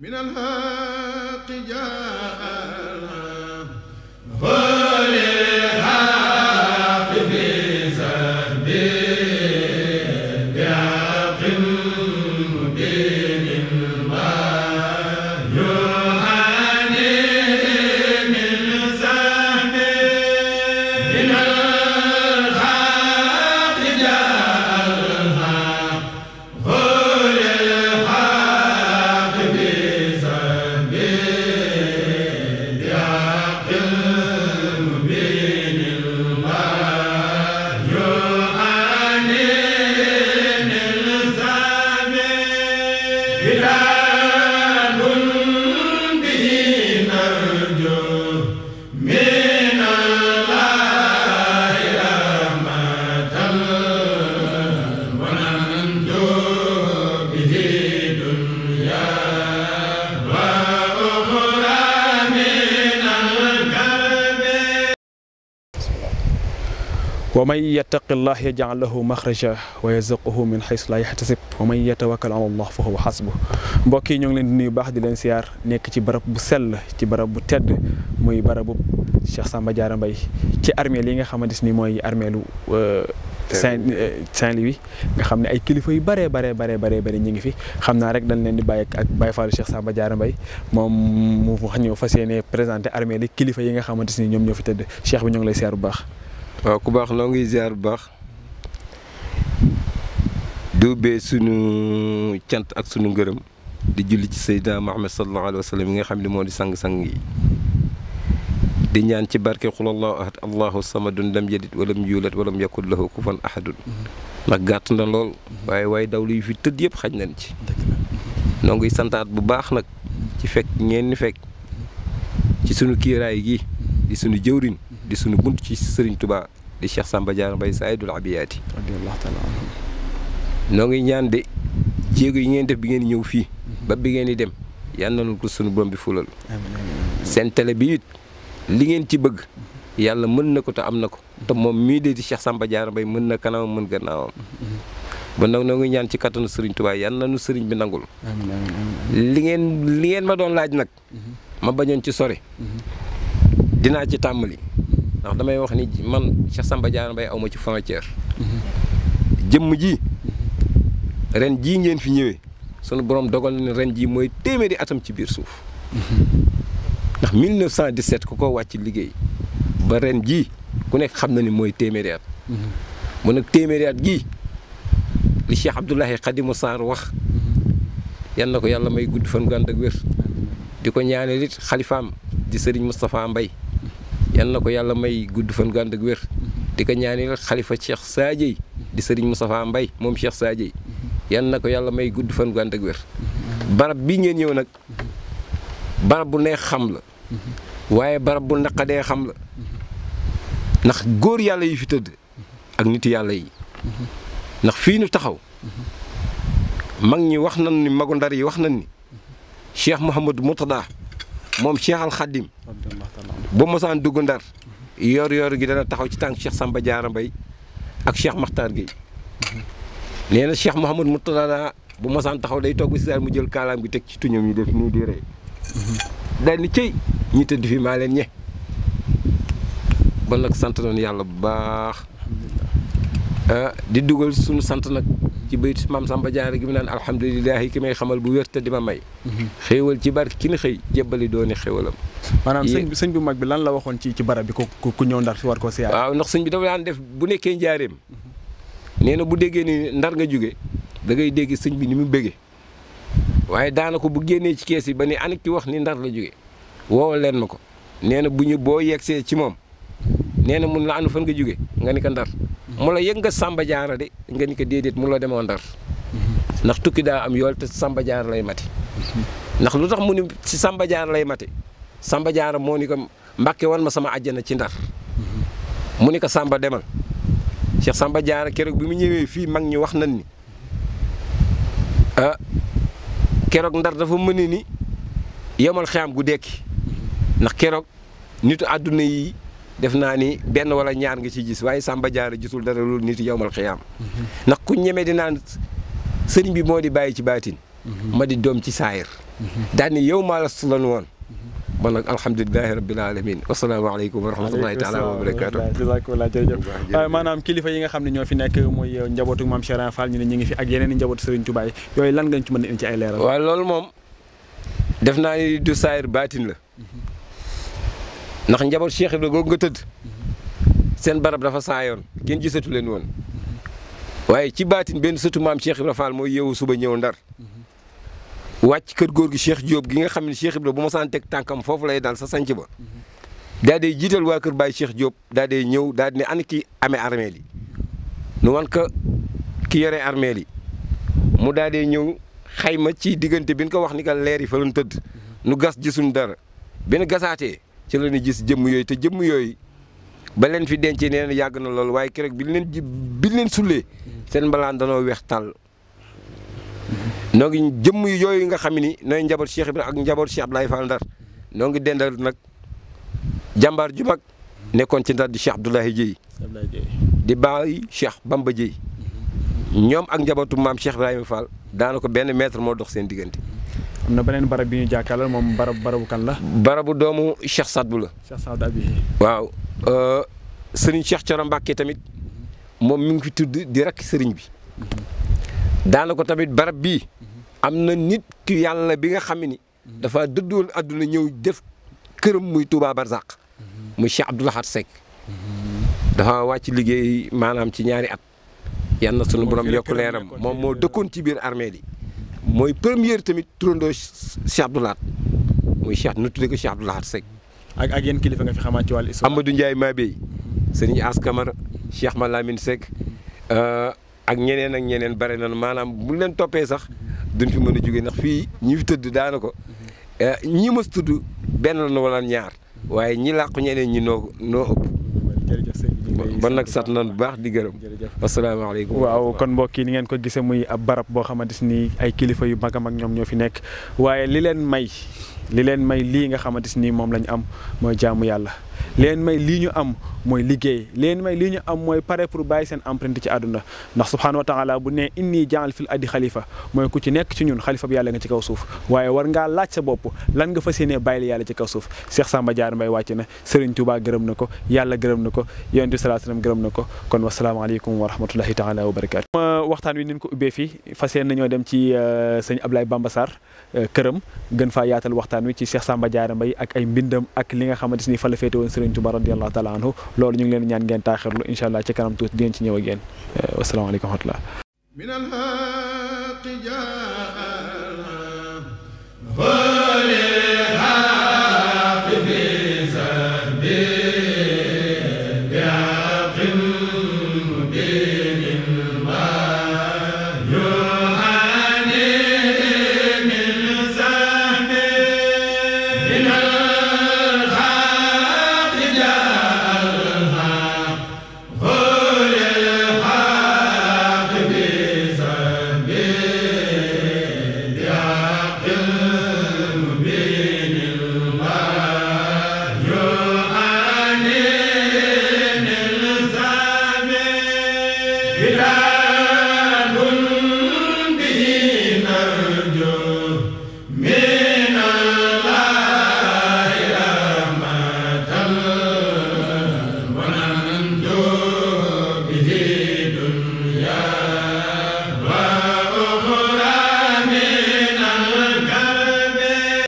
min alhaqi ja wa man yattaqillah yaj'al lahu maxraja wa yarzuqhu min xaysu laa yaxtasib wa man yatawakkal ala allah fa huwa xasbu mbokk yi ñoo ngi leen di nuyu baax di leen siyaar nekk ci barab bu sell ci barab bu tedd muy barabu Cheikh Samba mbay Mbaye ci armeel yi nga xamante ni mooy armeelu euh, Saint euh, Saint-Louis nga xam ne ay kilifa yu bare bare bare bare bare ñu ngi fi xam naa rek dañ leen di bàyyi ak Baye Fallou Cheikh Samba Diarra mbay moom mu wax ñëw fas yéene présenté armeel yi kilifa yi nga xamante ni ñoom ñoo fi tëdd Cheikh bi lay siyaar bu baax waaw ku baax noo ngi ziar bu baax duubee sunu cant ak sunu ngërëm di julli ci Seydina Muhammad sallallahu alayhi wa sallam yi nga xam ne moo di sang-sang yi di ñaan ci barke xul allahu ahad allahu samadun lam yalid walam yuulat walam yakul lahu kufuwan ahadun ndax gàtt na lool waaye waaye dawlu yu fi tëdd yëpp xaj nañ ci noo ngi santaat bu baax nag ci fekk ñeen fekk ci sunu kiiraay gi di sunu jëwrin di suñu bunt ci sëriñ tubaa di Cheikh Samba Diarra Mbaye Saïdul Abiyaati radiyallahu taala noo ngi ñaan de jéego yi ngeen def bi ngeen ñëw fii mhm. ba bi ngeen di dem yal na ko sunu borom bi fulal seen tele bi it li ngeen ci bëgg mhm. yàlla mën na ko te am na ko te mhm. moom mii de di Cheikh Samba Diarra Mbaye mën na kanamam mën gannaawam ba nag noo ngi ñaan ci kattanu sëriñ Touba yal na sëriñ bi nangul li ngeen li ngeen ma doon laaj nag ma bañoon ci sori dinaa ci tàmbali ndax damay wax ni man Cheikh Samba Diarra Mbaye aw ma ci frontière. Mhm. jëmm ji mhm. ren jii ngeen fi ñëwee sunu borom dogal na ne ren jii mooy téeméeri atam ci biir suuf. Mhm. ndax 1917 ku ko wàcc liggéey ba ren ji ku nekk xam na ni mooy téeméeri at. mu nag téeméeri at gii li Cheikh Abdoulahi Khadimu Sarr wax. yan na ko yàlla may gudd fan gu ak wér. di ko ñaanal it xalifaam di sëriñ Moustapha mbay yal na ko yàlla may gudd fan gànd ak wér di ko ñaanal xalifa Cheikh Saadiye di sëriñ Moustapha mbay moom Cheikh Saadiye yal na ko yàlla may gudd fan gànd ak wér barab bi ngeen ñëw nag barab bu neex xam la waaye barab bu naqadee xam la ndax góor yàlla yi fi tëdd ak nit yàlla yi ndax fii nu taxaw mag ñi wax na ni magu ndar yi wax na ni Cheikh Mouhamadou Moutada moom Cheikh Al bu mosaan dugg ndar yor yor gi dana taxaw ci tànk Cheikh Samba Diarra Mbaye ak Cheikh Makhtar gi nee na Cheikh Mouhamad Mourtada bu mosaan taxaw day togg si daal mu jël kaalaam gi teg ci tuñam yi def nii di rey daal ni cëy ñi tëdd fii maa leen ñe bon nag sant nañu yàlla bu baax ah, di dugal sunu sant nag ci bayt maam Samba Diarra gi mu naan alhamdulilahi ki may xamal bu wér te di ma may mhm. xéewal ci bar ki ni xëy jébbali dooni xéewalam maanaam sëñ bi mag bi lan la waxoon ci ci barab bi ku ku ñëw ndar si war ko siyaar waaw ndax sëñ bi dafa daan def bu nekkee njaareem mhm. nee na bu déggee ni ndar nga jóge dangay ngay dégg sëñ bi ni mu bëggee waaye daana ko bu génnee ci kees yi ba ni anak ki wax ni ndar la jóge woowa leen ma ko nee na bu ñu boo yegsee ci moom nee na mun la anu fan nga jóge nga ni ndar mu la yëg nga Samba Diarra de nga ni ko déedéet mu la demoo Ndar ndax tukki daa am yool te Samba Diarra lay mati ndax lu tax mu ni si Samba Diarra lay mati Samba Diarra moo ni ko Mbàkke wan ma sama àjjana ci Ndar mu ni ko Samba demal Cheikh Samba Diarra keroog bi mu ñëwee fii mag ñi wax nañ ni ah, keroog Ndar dafa mën ni yemal xeexam gu dekki ndax keroog nitu àdduna yi def naa ni benn wala ñaar nga ci gis waaye Samba Diarra gisul dara loolu nit yowmal xiyaam ndax ku ñeme di naan sëriñ bi moo di bàyyi ci baatin ma di doom ci saayir daal ni yow maa la sulan woon man nag alhamdulilahi rabbil alamin wasalaamaaleykum wa rahmatullahi taala wa barakaatu jazakumullah ah, maanaam kilifa yi nga xam ne ñoo fi nekk mooy njabootu maam Cheikh Fall ñu ne ñu ngi fi ak yeneen i njabootu sëriñ Tuubaa yi a indi ci ay loolu moom def naa ni du saayir baatin la mhm. ndax njaboot Cheikh Ibra googu nga tëdd seen barab dafa saayoon kenn gisatu leen woon waaye ci baatin benn sëtu maam Cheikh Ibra Fall mooy yeewu suba ñëw ndar wàcc kër góor gi Cheikh jóob gi nga xam ne Cheikh Ibra bu ma saan teg tànkam foofu lay daal sa sanc ba daal dee jiital waa kër baay Cheikh jóob daa dee ñëw daa di ne an amee armeel yi nu wan ko ki yore armeel yi mu daal dee ñëw xayma ci diggante bi ñu ko wax ni ka leer yi fa lañ tëdd nu gas gisuñ dara bi nu gasaatee ci la ñu gis jëmm yooyu te jëmm yooyu ba leen fi dencee nee na yàgg na loolu waaye keroog bi leen ji bi leen sullee seen mbalaan danoo weex tàll noo ngi jëmm yooyu nga xam ni nooy njaboot Cheikh Ibrahima ak njaboot Cheikh Abdoulaye Fall Ndar noo ngi dendal nag jàmbaar ju mag nekkoon ci Ndar di Cheikh Abdoulaye Dieye di bàyyi Cheikh Bamba Dieye ñoom ak njabootu maam Cheikh Ibrahima Fall daana ko benn mètre moo dox seen diggante am na beneen barab bi ñu jàkkaarloo moom barab barabu kan la. barabu doomu Cheikh Saad bu la. Cheikh Saad Abi. waaw euh, sëriñ Cheikh Thioro Mbacké tamit moom mu ngi fi tudd di rakk sëriñ bi daana tamit barab bi am na nit ki yàlla bi nga xam ni dafa dëddoon àdduna ñëw def këram muy Touba Barzak muy Cheikh Abdou Lahad Seck dafa wàcc liggéey maanaam ci ñaari at. yal na sunu borom yokk leeram moom moo dëkkoon ci biir armée yi. mooy première tamit turandoo Cheikh Abdou Lahad muy Cheikh nu tuddee ko Cheikh Abdou Lahad Seck. ak ak yéen kilifa nga fi xamaat ci wàllu histoire. Amadou Ndiaye Mabey sëriñ As Kamara Cheikh Malamine Seck euh, ak ñeneen ak ñeneen bare na maanaam bu leen toppee sax duñ fi mën a jógee ndax fii ñi fi tëdd daana ko euh, ñi mës tudd benn la wala ñaar waaye ñi làqu ñeneen ñi noo ëpp. ban nag sant nañ bu baax di gërëm asalaamaaleykum waaw kon mbokk yi ni ngeen ko gisee muy ab barab boo xamante ni ay kilifa yu mag a mag ñoom ñoo fi nekk waaye li leen may li leen may lii nga xamante nii moom lañ am mooy jaamu yàlla leen may lii ñu am mooy liggéey leen may lii ñu am mooy pare pour bàyyi seen empreinte ci àdduna ndax subhaanahu wa taala bu ne indi jaal fil addi xalifa mooy ku ci nekk ci ñun xalifa bi yàlla nga ci kaw suuf waaye war ngaa laaj sa bopp lan nga fas yéenee bàyyil yàlla ci kaw suuf Cheikh Samba Diarra Mbaye wàcc na Serigne Touba gërëm na ko yàlla gërëm na ko yonent bi sallallahu alayhi gërëm na ko kon wasalaamaaleykum wa rahmatullahi taala wa barakaatu waxtaan wi nin ko ubbee fii fas yéene nañoo dem ci euh, sëñ Ablaye Bamba Sarr euh, këram gën faa yaatal waxtaan wi ci Cheikh Samba Diarra Mbaye ak ay mbindam ak li nga xamante ni fa la féete woon Serigne Touba radiyallahu taala anhu loolu ñu ngi leen ñaan ngeen taaxirlu incha allah ci kanam tuuti di ngeen ci ñëw ak yéen euh, wasalaamaaleykum wa rahmatullah mi